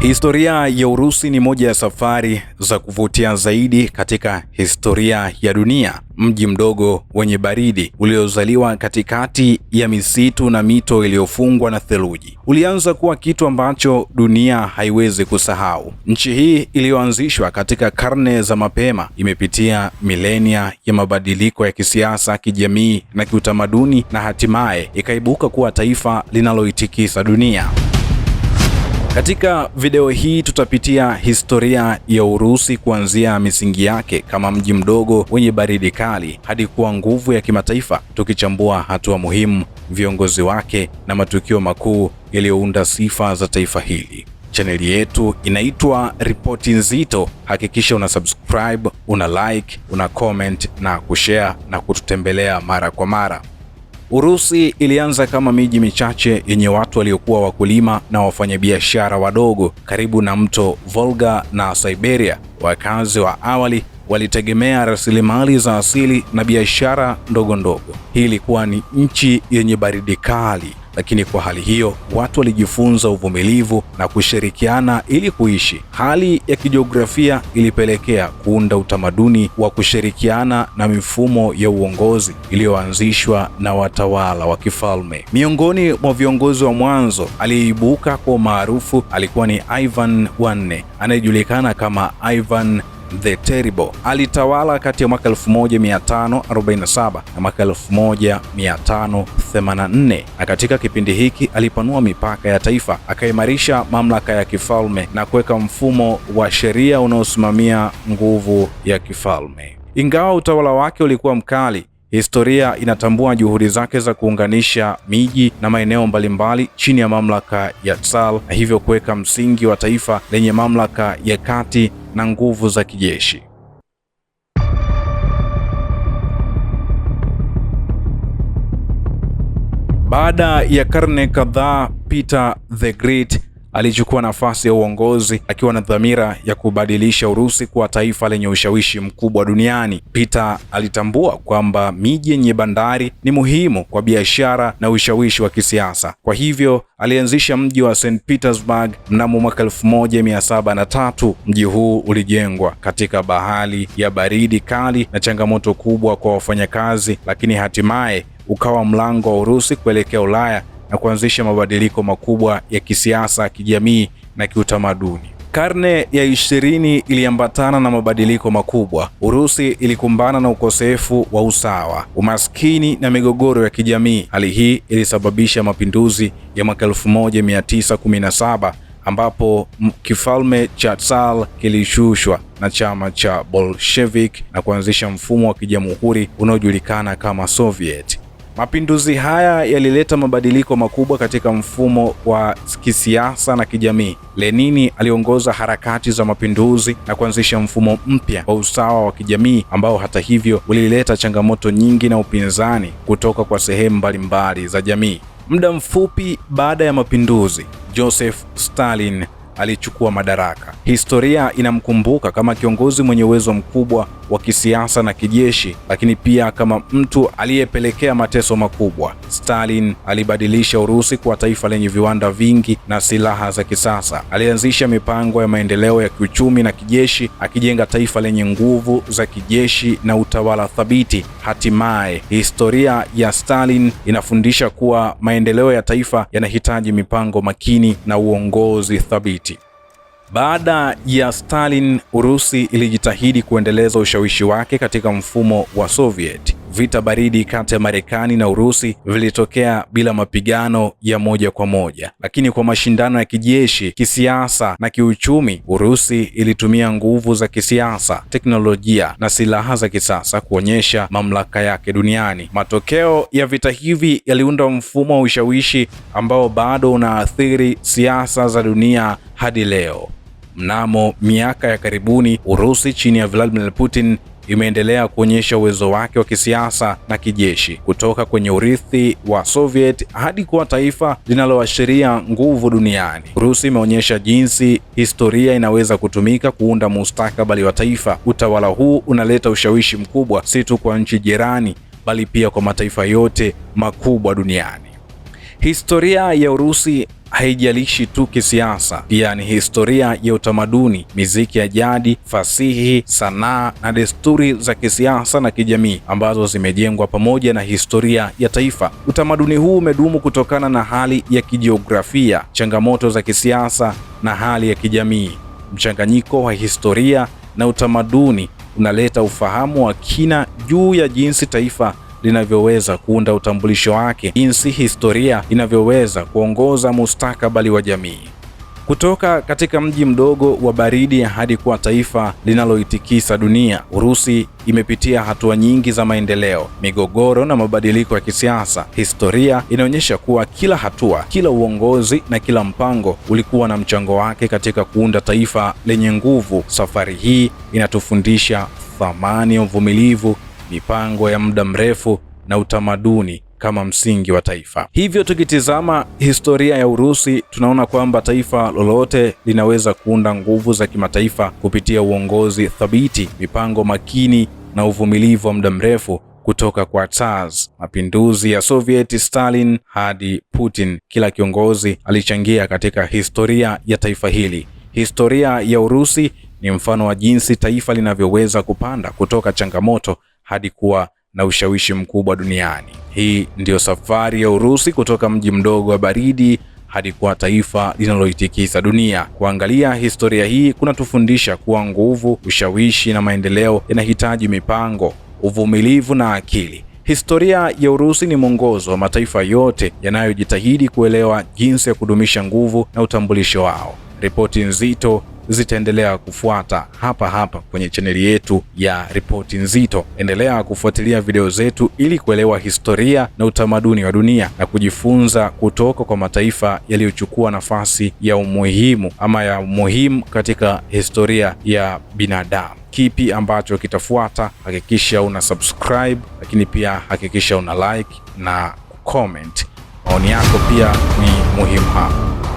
Historia ya Urusi ni moja ya safari za kuvutia zaidi katika historia ya dunia. Mji mdogo wenye baridi uliozaliwa katikati ya misitu na mito iliyofungwa na theluji ulianza kuwa kitu ambacho dunia haiwezi kusahau. Nchi hii iliyoanzishwa katika karne za mapema imepitia milenia ya mabadiliko ya kisiasa, kijamii na kiutamaduni, na hatimaye ikaibuka kuwa taifa linaloitikisa dunia. Katika video hii tutapitia historia ya Urusi kuanzia misingi yake kama mji mdogo wenye baridi kali hadi kuwa nguvu ya kimataifa, tukichambua hatua muhimu, viongozi wake na matukio makuu yaliyounda sifa za taifa hili. Chaneli yetu inaitwa Ripoti Nzito. Hakikisha una subscribe, una like, una comment na kushare na kututembelea mara kwa mara. Urusi ilianza kama miji michache yenye watu waliokuwa wakulima na wafanyabiashara wadogo karibu na mto Volga na Siberia. Wakazi wa awali walitegemea rasilimali za asili na biashara ndogo ndogo. Hii ilikuwa ni nchi yenye baridi kali lakini kwa hali hiyo watu walijifunza uvumilivu na kushirikiana ili kuishi. Hali ya kijiografia ilipelekea kuunda utamaduni wa kushirikiana na mifumo ya uongozi iliyoanzishwa na watawala wa kifalme. Miongoni mwa viongozi wa mwanzo aliyeibuka kwa umaarufu alikuwa ni Ivan wa nne anayejulikana kama Ivan the Terrible alitawala kati ya mwaka 1547 na mwaka 1584, na katika kipindi hiki alipanua mipaka ya taifa, akaimarisha mamlaka ya kifalme na kuweka mfumo wa sheria unaosimamia nguvu ya kifalme. Ingawa utawala wake ulikuwa mkali Historia inatambua juhudi zake za kuunganisha miji na maeneo mbalimbali chini ya mamlaka ya Tsar na hivyo kuweka msingi wa taifa lenye mamlaka ya kati na nguvu za kijeshi. Baada ya karne kadhaa, Peter the Great alichukua nafasi ya uongozi akiwa na dhamira ya kubadilisha Urusi kuwa taifa lenye ushawishi mkubwa duniani. Peter alitambua kwamba miji yenye bandari ni muhimu kwa biashara na ushawishi wa kisiasa. Kwa hivyo alianzisha mji wa St Petersburg mnamo mwaka 1703. Mji huu ulijengwa katika bahari ya baridi kali na changamoto kubwa kwa wafanyakazi, lakini hatimaye ukawa mlango wa Urusi kuelekea Ulaya na kuanzisha mabadiliko makubwa ya kisiasa, kijamii na kiutamaduni. Karne ya ishirini iliambatana na mabadiliko makubwa. Urusi ilikumbana na ukosefu wa usawa, umaskini na migogoro ya kijamii. Hali hii ilisababisha mapinduzi ya mwaka 1917 ambapo kifalme cha Tsar kilishushwa na chama cha Bolshevik na kuanzisha mfumo wa kijamhuri unaojulikana kama Soviet. Mapinduzi haya yalileta mabadiliko makubwa katika mfumo wa kisiasa na kijamii. Lenini aliongoza harakati za mapinduzi na kuanzisha mfumo mpya wa usawa wa kijamii ambao hata hivyo ulileta changamoto nyingi na upinzani kutoka kwa sehemu mbalimbali za jamii. Muda mfupi baada ya mapinduzi, Joseph Stalin alichukua madaraka. Historia inamkumbuka kama kiongozi mwenye uwezo mkubwa wa kisiasa na kijeshi, lakini pia kama mtu aliyepelekea mateso makubwa. Stalin alibadilisha Urusi kuwa taifa lenye viwanda vingi na silaha za kisasa. Alianzisha mipango ya maendeleo ya kiuchumi na kijeshi, akijenga taifa lenye nguvu za kijeshi na utawala thabiti. Hatimaye, historia ya Stalin inafundisha kuwa maendeleo ya taifa yanahitaji mipango makini na uongozi thabiti. Baada ya Stalin, Urusi ilijitahidi kuendeleza ushawishi wake katika mfumo wa Soviet. Vita baridi kati ya Marekani na Urusi vilitokea bila mapigano ya moja kwa moja, lakini kwa mashindano ya kijeshi, kisiasa na kiuchumi, Urusi ilitumia nguvu za kisiasa, teknolojia na silaha za kisasa kuonyesha mamlaka yake duniani. Matokeo ya vita hivi yaliunda mfumo wa ushawishi ambao bado unaathiri siasa za dunia hadi leo. Mnamo miaka ya karibuni, Urusi chini ya Vladimir Putin imeendelea kuonyesha uwezo wake wa kisiasa na kijeshi kutoka kwenye urithi wa Soviet hadi kuwa taifa linaloashiria nguvu duniani. Urusi imeonyesha jinsi historia inaweza kutumika kuunda mustakabali wa taifa. Utawala huu unaleta ushawishi mkubwa si tu kwa nchi jirani, bali pia kwa mataifa yote makubwa duniani. Historia ya Urusi haijalishi tu kisiasa, pia ni historia ya utamaduni, miziki ya jadi, fasihi, sanaa na desturi za kisiasa na kijamii ambazo zimejengwa pamoja na historia ya taifa. Utamaduni huu umedumu kutokana na hali ya kijiografia, changamoto za kisiasa na hali ya kijamii. Mchanganyiko wa historia na utamaduni unaleta ufahamu wa kina juu ya jinsi taifa linavyoweza kuunda utambulisho wake, jinsi historia inavyoweza kuongoza mustakabali wa jamii. Kutoka katika mji mdogo wa baridi hadi kuwa taifa linaloitikisa dunia, Urusi imepitia hatua nyingi za maendeleo, migogoro na mabadiliko ya kisiasa. Historia inaonyesha kuwa kila hatua, kila uongozi na kila mpango ulikuwa na mchango wake katika kuunda taifa lenye nguvu. Safari hii inatufundisha thamani ya uvumilivu mipango ya muda mrefu na utamaduni kama msingi wa taifa. Hivyo tukitizama historia ya Urusi, tunaona kwamba taifa lolote linaweza kuunda nguvu za kimataifa kupitia uongozi thabiti, mipango makini na uvumilivu wa muda mrefu kutoka kwa Tsars, mapinduzi ya Soviet, Stalin hadi Putin, kila kiongozi alichangia katika historia ya taifa hili. Historia ya Urusi ni mfano wa jinsi taifa linavyoweza kupanda kutoka changamoto hadi kuwa na ushawishi mkubwa duniani. Hii ndiyo safari ya Urusi kutoka mji mdogo wa baridi hadi kuwa taifa linaloitikisa dunia. Kuangalia historia hii kunatufundisha kuwa nguvu, ushawishi na maendeleo yanahitaji mipango, uvumilivu na akili. Historia ya Urusi ni mwongozo wa mataifa yote yanayojitahidi kuelewa jinsi ya kudumisha nguvu na utambulisho wao. Ripoti nzito zitaendelea kufuata hapa hapa kwenye chaneli yetu ya Ripoti Nzito. Endelea kufuatilia video zetu ili kuelewa historia na utamaduni wa dunia na kujifunza kutoka kwa mataifa yaliyochukua nafasi ya umuhimu ama ya umuhimu katika historia ya binadamu. Kipi ambacho kitafuata? Hakikisha una subscribe, lakini pia hakikisha una like na comment. Maoni yako pia ni muhimu hapa.